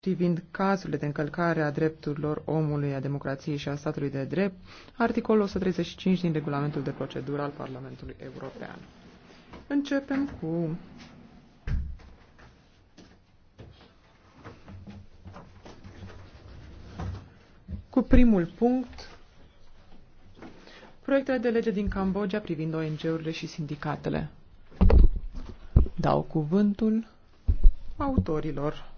privind cazurile de încălcare a drepturilor omului, a democrației și a statului de drept, articolul 135 din regulamentul de procedură al Parlamentului European. Începem cu cu primul punct, proiectele de lege din Cambodgia privind ONG-urile și sindicatele. Dau cuvântul autorilor.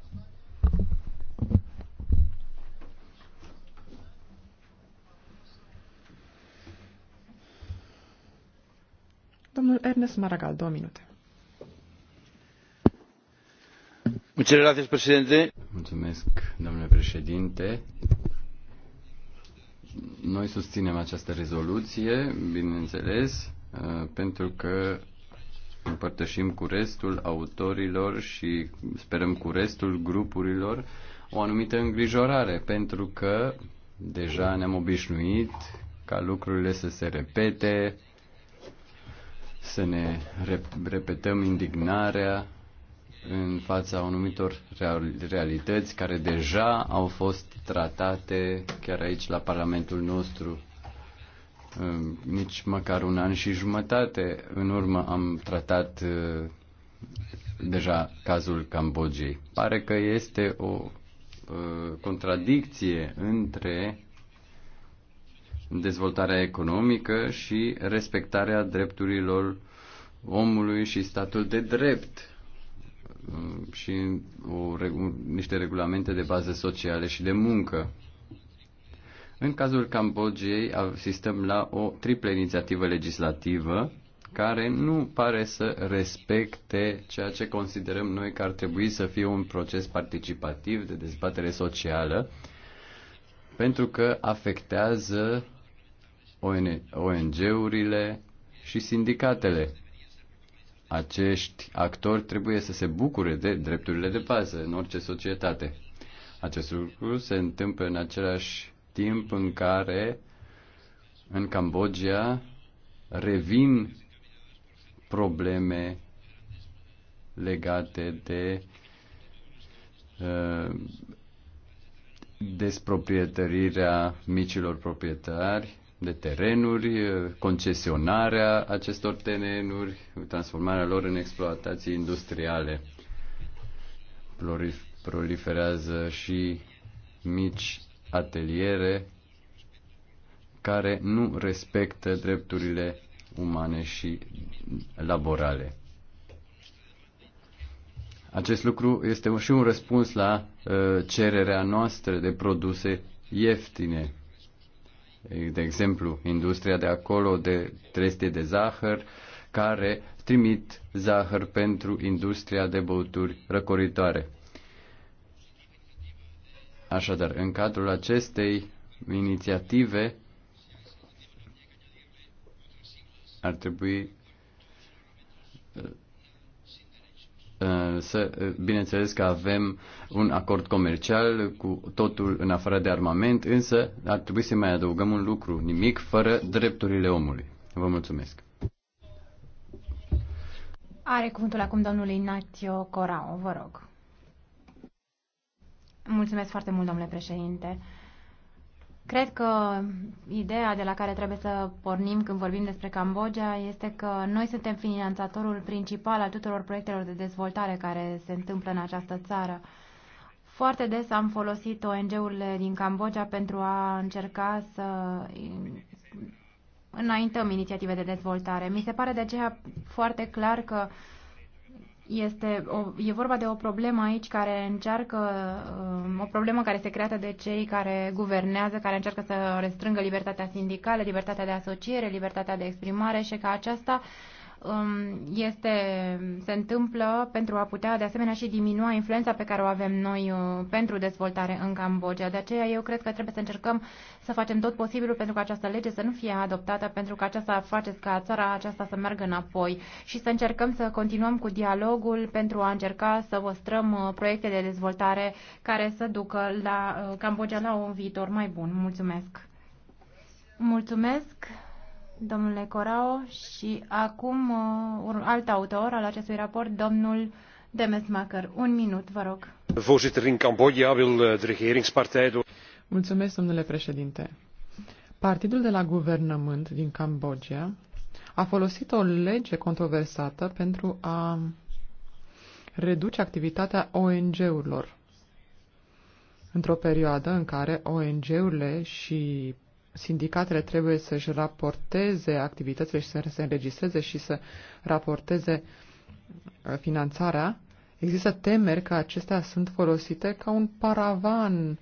Domnul Ernest Maragal, două minute. Mulțumesc, domnule președinte. Noi susținem această rezoluție, bineînțeles, uh, pentru că împărtășim cu restul autorilor și sperăm cu restul grupurilor o anumită îngrijorare, pentru că deja ne-am obișnuit ca lucrurile să se repete, să ne repetăm indignarea în fața anumitor realități care deja au fost tratate chiar aici la Parlamentul nostru. Nici măcar un an și jumătate în urmă am tratat uh, deja cazul Cambodgiei. Pare că este o uh, contradicție între dezvoltarea economică și respectarea drepturilor omului și statul de drept uh, și o, niște regulamente de bază sociale și de muncă. În cazul Cambodgiei asistăm la o triplă inițiativă legislativă care nu pare să respecte ceea ce considerăm noi că ar trebui să fie un proces participativ de dezbatere socială, pentru că afectează ONG-urile și sindicatele. Acești actori trebuie să se bucure de drepturile de bază în orice societate. Acest lucru se întâmplă în același timp în care în Cambodgia revin probleme legate de uh, desproprietărirea micilor proprietari de terenuri, concesionarea acestor terenuri, transformarea lor în exploatații industriale. Proliferează și mici ateliere care nu respectă drepturile umane și laborale. Acest lucru este și un răspuns la uh, cererea noastră de produse ieftine de exemplu, industria de acolo de trestie de zahăr, care trimit zahăr pentru industria de băuturi răcoritoare. Așadar, în cadrul acestei inițiative ar trebui Eh, să, eh, bineînțeles că avem un acord comercial cu totul în afară de armament, însă ar trebui să mai adăugăm un lucru, nimic fără drepturile omului. Vă mulțumesc. Are cuvântul acum domnul Ignacio Corao, vă rog. Mulțumesc foarte mult, domnule președinte. Cred că ideea de la care trebuie să pornim când vorbim despre Cambodgia este că noi suntem finanțatorul principal al tuturor proiectelor de dezvoltare care se întâmplă în această țară. Foarte des am folosit ONG-urile din Cambodgia pentru a încerca să înaintăm inițiative de dezvoltare. Mi se pare de aceea foarte clar că este o, e vorba de o problemă aici care încearcă, um, o problemă care se creată de cei care guvernează, care încearcă să restrângă libertatea sindicală, libertatea de asociere, libertatea de exprimare și că aceasta uh, Um, este, se întâmplă pentru a putea de asemenea și diminua influența pe care o avem noi uh, pentru dezvoltare în Cambodgia. De aceea eu cred că trebuie să încercăm să facem tot posibilul pentru ca această lege să nu fie adoptată, pentru că aceasta face ca țara aceasta să meargă înapoi și să încercăm să continuăm cu dialogul pentru a încerca să văstrăm uh, proiecte de dezvoltare care să ducă la uh, Cambodgia la un viitor mai bun. Mulțumesc! Mulțumesc! domnule Corao, și acum un uh, alt autor al acestui raport, domnul Demesmacher. Un minut, vă rog. Voorzitter, în Cambodja wil de eh, regeringspartij door... Mulțumesc, domnule președinte. Partidul de la guvernământ din Cambodgia a folosit o lege controversată pentru a reduce activitatea ONG-urilor într-o perioadă în care ONG-urile și sindicatele trebuie să-și raporteze activitățile și să se înregistreze și să raporteze uh, finanțarea, există temeri că acestea sunt folosite ca un paravan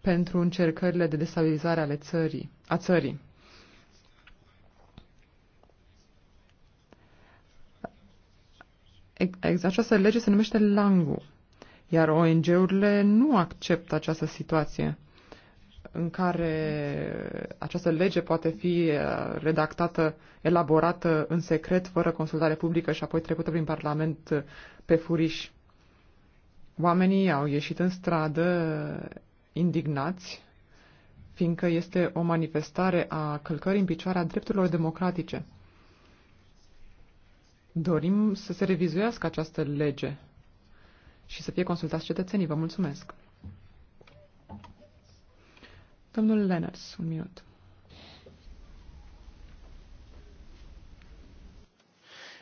pentru încercările de destabilizare ale țării, a țării. Această lege se numește Langu, iar ONG-urile nu acceptă această situație în care această lege poate fi uh, redactată, elaborată în secret, fără consultare publică și apoi trecută prin Parlament uh, pe furiș. Oamenii au ieșit în stradă uh, indignați, fiindcă este o manifestare a călcării în picioare a drepturilor democratice. Dorim să se revizuiască această lege și să fie consultați cetățenii. Vă mulțumesc! Domnul Lenners, un minut.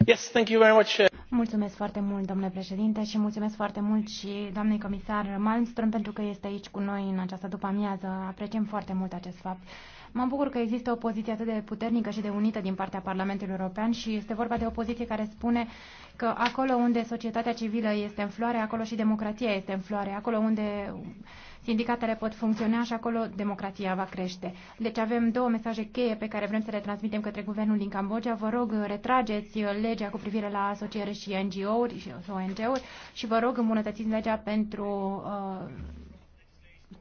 Yes, thank you very much. Mulțumesc foarte mult, domnule președinte, și mulțumesc foarte mult și doamnei comisar Malmström pentru că este aici cu noi în această după-amiază. Apreciem foarte mult acest fapt. Mă bucur că există o poziție atât de puternică și de unită din partea Parlamentului European și este vorba de o poziție care spune că acolo unde societatea civilă este în floare, acolo și democrația este în floare, acolo unde sindicatele pot funcționa și acolo democrația va crește. Deci avem două mesaje cheie pe care vrem să le transmitem către guvernul din Cambodgia. Vă rog, retrageți legea cu privire la asociere și NGO-uri și ONG-uri și vă rog îmbunătățiți legea pentru uh,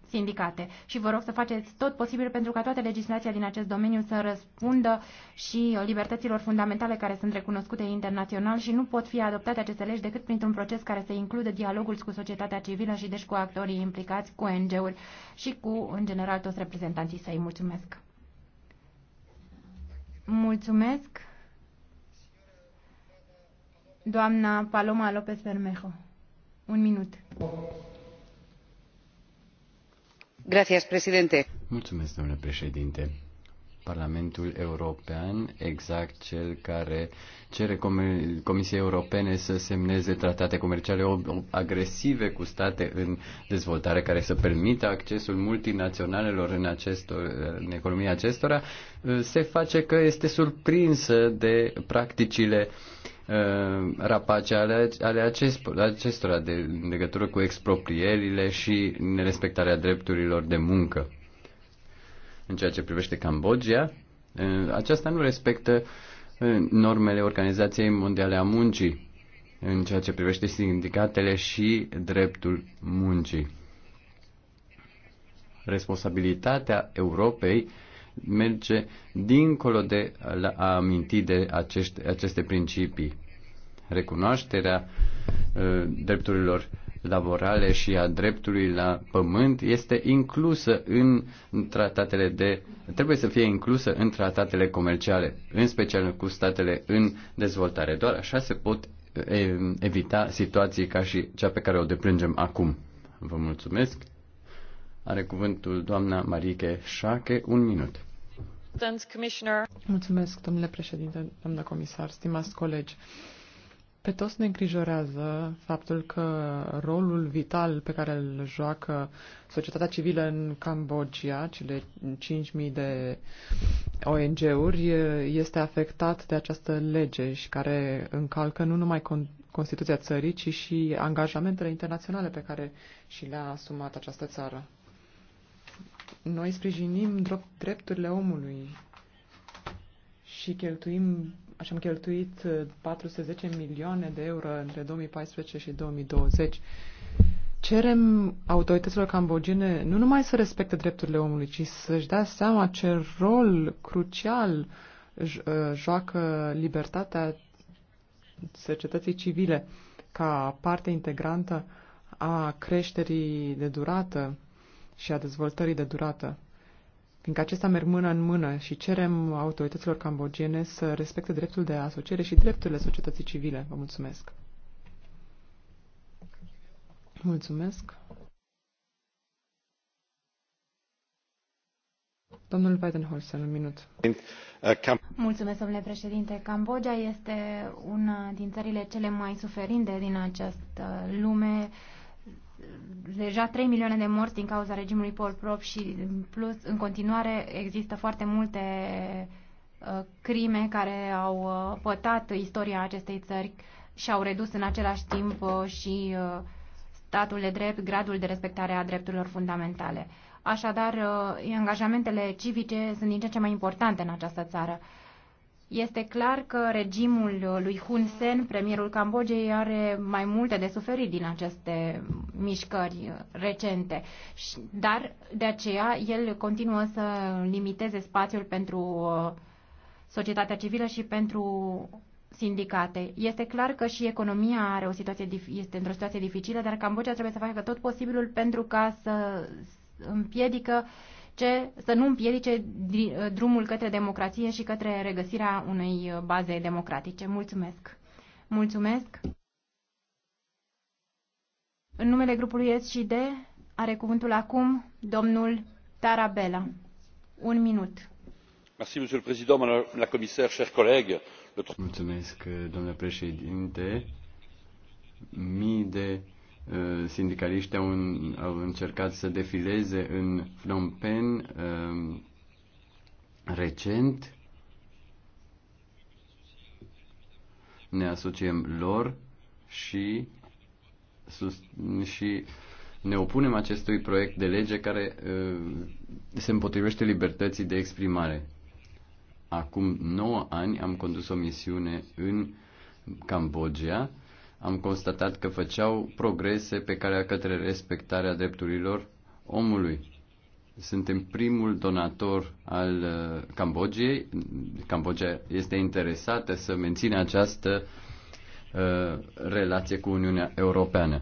sindicate. Și vă rog să faceți tot posibil pentru ca toată legislația din acest domeniu să răspundă și libertăților fundamentale care sunt recunoscute internațional și nu pot fi adoptate aceste legi decât printr-un proces care să includă dialogul cu societatea civilă și deci cu actorii implicați, cu ONG-uri și cu, în general, toți reprezentanții săi. Mulțumesc! Mulțumesc! Doamna Paloma López Bermejo. Un minut. Mulțumesc, domnule președinte. Parlamentul European, exact cel care cere Comisiei Europene să semneze tratate comerciale agresive cu state în dezvoltare care să permită accesul multinaționalelor în, acestor, în economia acestora, se face că este surprinsă de practicile uh, Uh, rapace ale, ale acest, acestora de, legătură cu exproprierile și nerespectarea drepturilor de muncă. În ceea ce privește Cambodgia, uh, aceasta nu respectă uh, normele Organizației Mondiale a Muncii în ceea ce privește sindicatele și dreptul muncii. Responsabilitatea Europei merge dincolo de a aminti de acești, aceste principii. Recunoașterea uh, drepturilor laborale și a dreptului la pământ este inclusă în tratatele de trebuie să fie inclusă în tratatele comerciale, în special cu statele în dezvoltare. Doar așa se pot uh, evita situații ca și cea pe care o deplângem acum. Vă mulțumesc. Are cuvântul doamna Marike Șache, un minut. Mulțumesc, domnule președinte, doamnă comisar, stimați colegi. Pe toți ne îngrijorează faptul că rolul vital pe care îl joacă societatea civilă în Cambodgia, cele 5.000 de ONG-uri, este afectat de această lege și care încalcă nu numai Constituția țării, ci și angajamentele internaționale pe care și le-a asumat această țară. Noi sprijinim drepturile omului și cheltuim, așa am cheltuit 410 uh, milioane de euro între 2014 și 2020. Cerem autorităților cambogene nu numai să respecte drepturile omului, ci să-și dea seama ce rol crucial uh, joacă libertatea societății civile ca parte integrantă a creșterii de durată și a dezvoltării de durată, fiindcă acesta merg mână în mână și cerem autorităților cambogiene să respecte dreptul de asociere și drepturile societății civile. Vă mulțumesc! Mulțumesc! Domnul Weidenholzer, un minut. Mulțumesc, domnule președinte. Cambodgia este una din țările cele mai suferinte din această lume deja 3 milioane de morți din cauza regimului Pol Prop și în plus în continuare există foarte multe uh, crime care au uh, pătat istoria acestei țări și au redus în același timp uh, și statul de drept, gradul de respectare a drepturilor fundamentale. Așadar, angajamentele civice sunt din ce ce mai importante în această țară. Este clar că regimul lui Hun Sen, premierul Cambodgiei, are mai multe de suferit din aceste mișcări recente, dar de aceea el continuă să limiteze spațiul pentru uh, societatea civilă și pentru sindicate. Este clar că și economia are o situație, este într-o situație dificilă, dar Cambodgia trebuie să facă tot posibilul pentru ca să împiedică uh, ce să nu împiedice uh, drumul către democrație și către regăsirea unei uh, baze democratice. Mulțumesc! Mulțumesc! În numele grupului S și D are cuvântul acum domnul Tarabella. Un minut. Merci, monsieur le président, madame la commissaire, chers collègues. Mulțumesc, domnule președinte. Mii de Uh, sindicaliștii au, în, au încercat să defileze în Phnom Penh uh, recent. Ne asociem lor și, sus, și ne opunem acestui proiect de lege care uh, se împotrivește libertății de exprimare. Acum 9 ani am condus o misiune în Cambodgia am constatat că făceau progrese pe calea către respectarea drepturilor omului. Suntem primul donator al uh, Cambodgiei. Cambodgia este interesată să mențină această uh, relație cu Uniunea Europeană.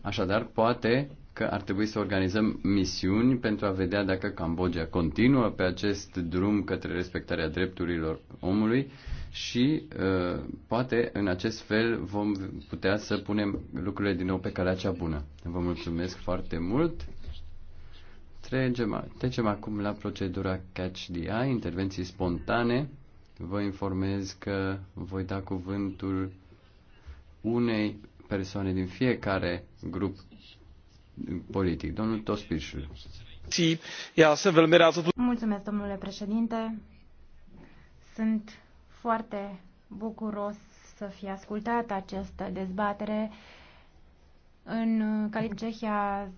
Așadar, poate că ar trebui să organizăm misiuni pentru a vedea dacă Cambodgia continuă pe acest drum către respectarea drepturilor omului și uh, poate în acest fel vom putea să punem lucrurile din nou pe calea cea bună. Vă mulțumesc foarte mult. Trecem, trecem acum la procedura Catch the Eye, intervenții spontane. Vă informez că voi da cuvântul unei persoane din fiecare grup politic. Domnul Tospișul. Mulțumesc, domnule președinte. Sunt foarte bucuros să fi ascultat această dezbatere. În Cehia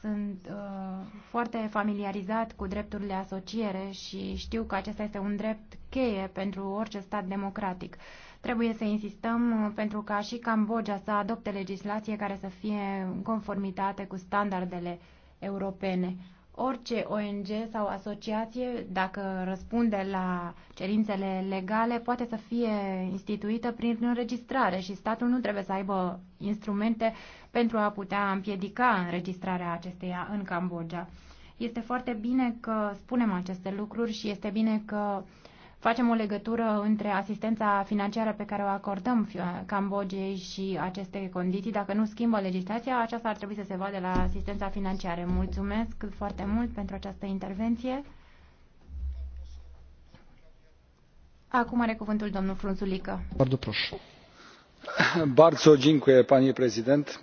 sunt uh, foarte familiarizat cu drepturile asociere și știu că acesta este un drept cheie pentru orice stat democratic. Uh, Trebuie să insistăm uh, pentru ca și Cambodgia să adopte legislație care să fie în conformitate cu standardele europene. Orice ONG sau asociație, dacă răspunde la cerințele legale, poate să fie instituită prin înregistrare și statul nu trebuie să aibă instrumente pentru a putea împiedica înregistrarea acesteia în Cambodgia. Este foarte bine că spunem aceste lucruri și este bine că uh, facem o legătură între asistența financiară pe care o acordăm Cambodgiei și aceste condiții. Dacă nu schimbă legislația, aceasta ar trebui să se vadă la asistența financiară. Mulțumesc foarte mult pentru această intervenție. Acum are cuvântul domnul Frunzulică. Bardzo dziękuję, panie prezident.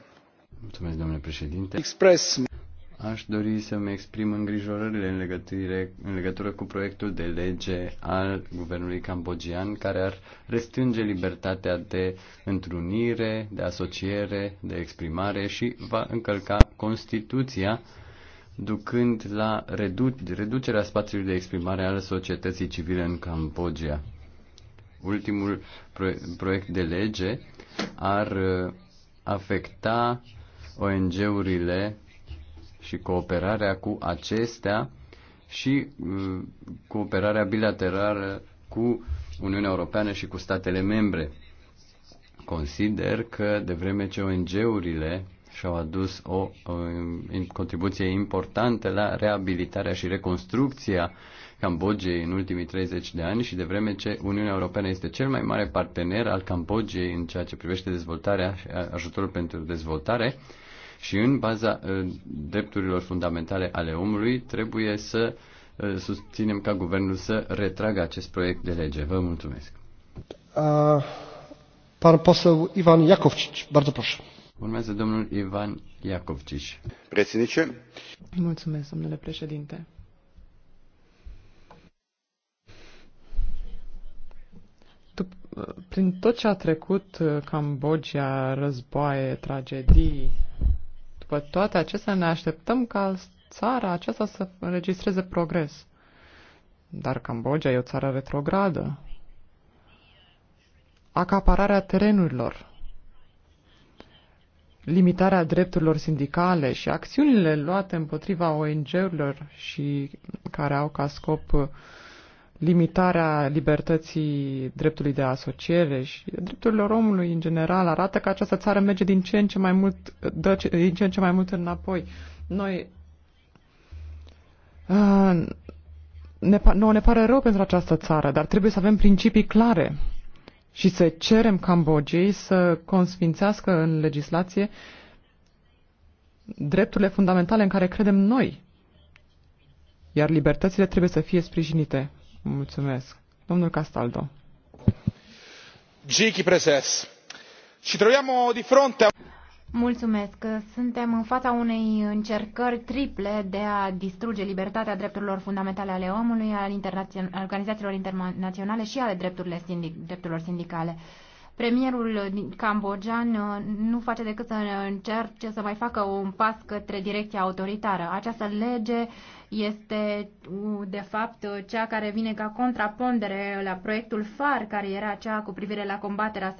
Mulțumesc, domnule președinte. Express Aș dori să-mi exprim îngrijorările în, legătire, în legătură cu proiectul de lege al guvernului cambogian care ar restrânge libertatea de întrunire, de asociere, de exprimare și va încălca Constituția ducând la redu- reducerea spațiului de exprimare al societății civile în Cambodgia. Ultimul proiect de lege ar uh, afecta ONG-urile și cooperarea cu acestea și uh, cooperarea bilaterală cu Uniunea Europeană și cu statele membre. Consider că de vreme ce ONG-urile și-au adus o, o uh, contribuție importantă la reabilitarea și reconstrucția Cambodgiei în ultimii 30 de ani și de vreme ce Uniunea Europeană este cel mai mare partener al Cambodgiei în ceea ce privește dezvoltarea și ajutorul pentru dezvoltare, și în baza uh, drepturilor fundamentale ale omului trebuie să uh, susținem ca guvernul să retragă acest proiect de lege. Vă mulțumesc. pan poseł Ivan Jakovčić, bardzo proszę. Urmează domnul Ivan Iacovciș. Preținice. Mulțumesc, domnule președinte. Uh, prin tot ce a trecut Cambodgia, războaie, tragedii, după toate acestea, ne așteptăm ca țara aceasta să înregistreze progres. Dar Cambodgia e o țară retrogradă. Acapararea terenurilor, limitarea drepturilor sindicale și acțiunile luate împotriva ONG-urilor și care au ca scop limitarea libertății dreptului de asociere și drepturilor omului în general arată că această țară merge din ce în ce mai mult, dă din ce în ce mai mult înapoi. Noi uh, ne, nouă ne pare rău pentru această țară, dar trebuie să avem principii clare și să cerem Cambogiei să consfințească în legislație drepturile fundamentale în care credem noi, iar libertățile trebuie să fie sprijinite. Mulțumesc. Domnul Castaldo. Gichi preses. Ci troviamo di fronte Mulțumesc. Suntem în fața unei încercări triple de a distruge libertatea drepturilor fundamentale ale omului, al organizațiilor internaționale și ale drepturile sindic drepturilor sindicale. Premierul cambogian uh, nu face decât să încerce să mai facă un pas către direcția autoritară. Această lege este de fapt cea care vine ca contrapondere la proiectul FAR, care era cea cu privire la combaterea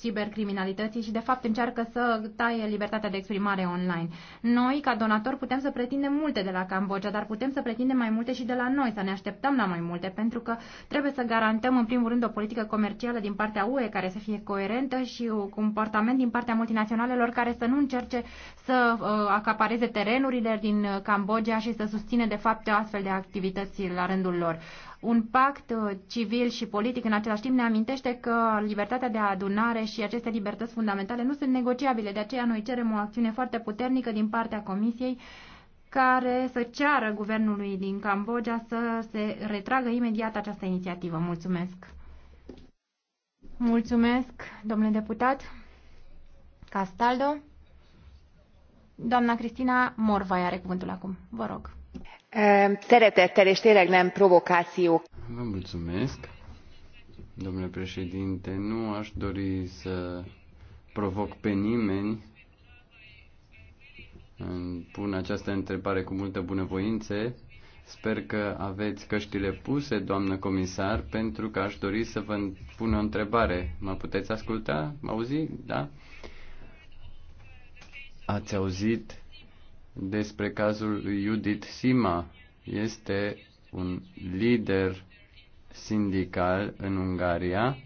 cibercriminalității și de fapt încearcă să taie libertatea de exprimare online. Noi, ca donator, putem să pretindem multe de la Cambodgia, dar putem să pretindem mai multe și de la noi, să ne așteptăm la mai multe, pentru că trebuie să garantăm în primul rând o politică comercială din partea UE care să fie coerentă și un comportament din partea multinaționalelor care să nu încerce să uh, acapareze terenurile din uh, Cambodgia și să susține de fapte astfel de activități la rândul lor. Un pact uh, civil și politic în același timp ne amintește că libertatea de adunare și aceste libertăți fundamentale nu sunt negociabile, de aceea noi cerem o acțiune foarte puternică din partea Comisiei care să ceară guvernului din Cambodgia să se retragă imediat această inițiativă. Mulțumesc! Mulțumesc, domnule deputat Castaldo. Doamna Cristina Morvai are cuvântul acum. Vă rog. Szeretettel és tényleg nem provokáció. Vă mulțumesc. Domnule președinte, nu aș dori să provoc pe nimeni. Pun această întrebare cu multă bunăvoință. Sper că aveți căștile puse, doamnă comisar, pentru că aș dori să vă pun o întrebare. Mă puteți asculta? Mă auzi? Da? Ați auzit despre cazul lui Judith Sima. Este un lider sindical în Ungaria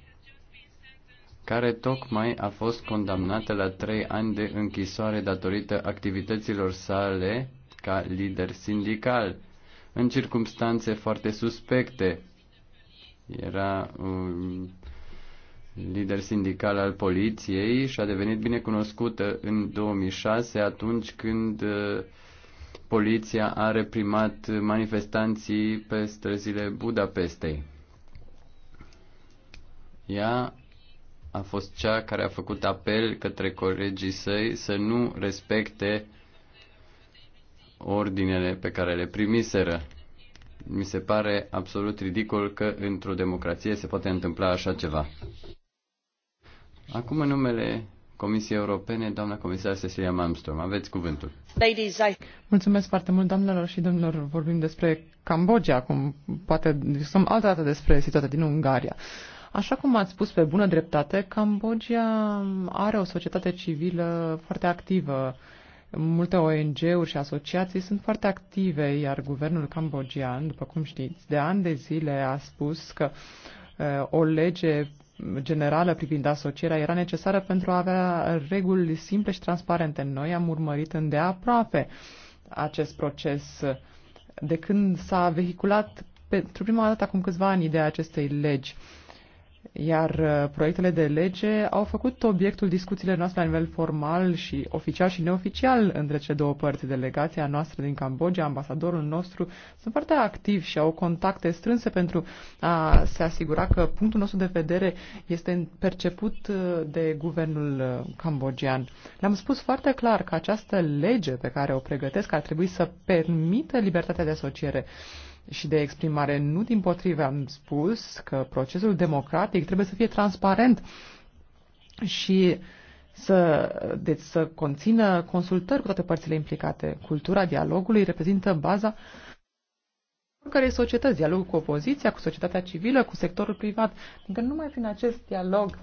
care tocmai a fost condamnată la trei ani de închisoare datorită activităților sale ca lider sindical, în circumstanțe foarte suspecte. Era um, lider sindical al poliției și a devenit binecunoscută în 2006 atunci când uh, poliția a reprimat manifestanții pe străzile Budapestei. Ea a fost cea care a făcut apel către colegii săi să nu respecte ordinele pe care le primiseră. Mi se pare absolut ridicol că într-o democrație se poate întâmpla așa ceva. Acum în numele Comisiei Europene, doamna comisar Cecilia Malmström, aveți cuvântul. Ladies, I... Mulțumesc foarte mult, doamnelor și domnilor. Vorbim despre Cambodgia acum, poate discutăm altă dată despre situația din Ungaria. Așa cum ați spus pe bună dreptate, Cambodgia are o societate civilă foarte activă. Multe ONG-uri și asociații sunt foarte active, iar guvernul cambogian, după cum știți, de ani de zile a spus că o lege generală privind asocierea era necesară pentru a avea reguli simple și transparente. Noi am urmărit îndeaproape acest proces de când s-a vehiculat pentru prima dată acum câțiva ani ideea acestei legi iar uh, proiectele de lege au făcut obiectul discuțiilor noastre la nivel formal și oficial și neoficial între cele două părți. Delegația noastră din Cambodgia, ambasadorul nostru, sunt foarte activi și au contacte strânse pentru a se asigura că punctul nostru de vedere este perceput uh, de guvernul uh, cambogian. Le-am spus foarte clar că această lege pe care o pregătesc ar trebui să permită libertatea de asociere. Uh, și de exprimare. Nu din potrive am spus că procesul democratic trebuie să fie transparent și să, deci să conțină consultări cu toate părțile implicate. Cultura dialogului reprezintă baza care societăți, dialogul cu opoziția, cu societatea civilă, cu sectorul privat, pentru că numai prin acest dialog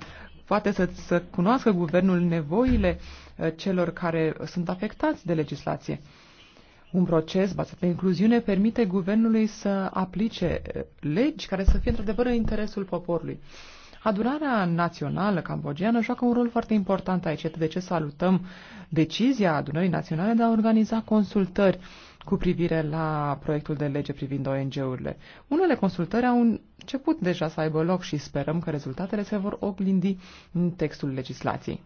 poate să, să cunoască guvernul nevoile uh, celor care sunt afectați de legislație. Un proces bazat pe incluziune permite guvernului să aplice legi care să fie într-adevăr în interesul poporului. Adunarea națională cambogiană joacă un rol foarte important aici, de ce salutăm decizia adunării naționale de a organiza consultări cu privire la proiectul de lege privind ONG-urile. Unele consultări au început deja să aibă loc și sperăm că rezultatele se vor oglindi în textul legislației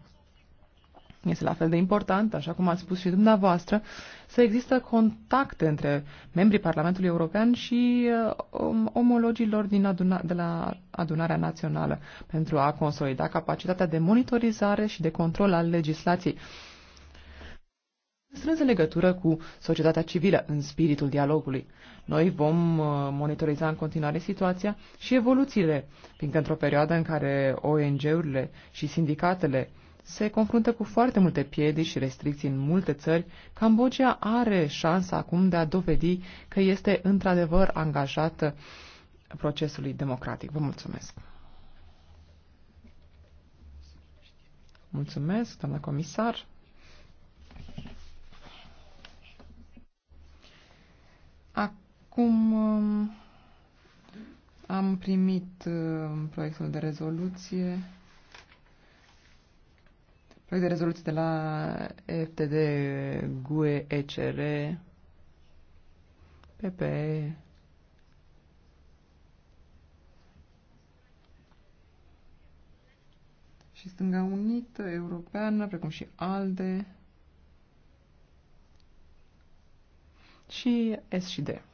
este la fel de important, așa cum ați spus și dumneavoastră, să există contacte între membrii Parlamentului European și um, omologilor din aduna, de la adunarea națională pentru a consolida capacitatea de monitorizare și de control al legislației strâns în legătură cu societatea civilă în spiritul dialogului. Noi vom uh, monitoriza în continuare situația și evoluțiile, fiindcă într-o perioadă în care ONG-urile și sindicatele se confruntă cu foarte multe piedici și restricții în multe țări, Cambodgia are șansa acum de a dovedi că este într-adevăr angajată procesului democratic. Vă mulțumesc! Mulțumesc, doamna comisar! Acum um, am primit um, proiectul de rezoluție. Proiect de rezoluție de la FTD, GUE, ECR, PPE. Și Stânga Unită, Europeană, precum și ALDE. Și S și D.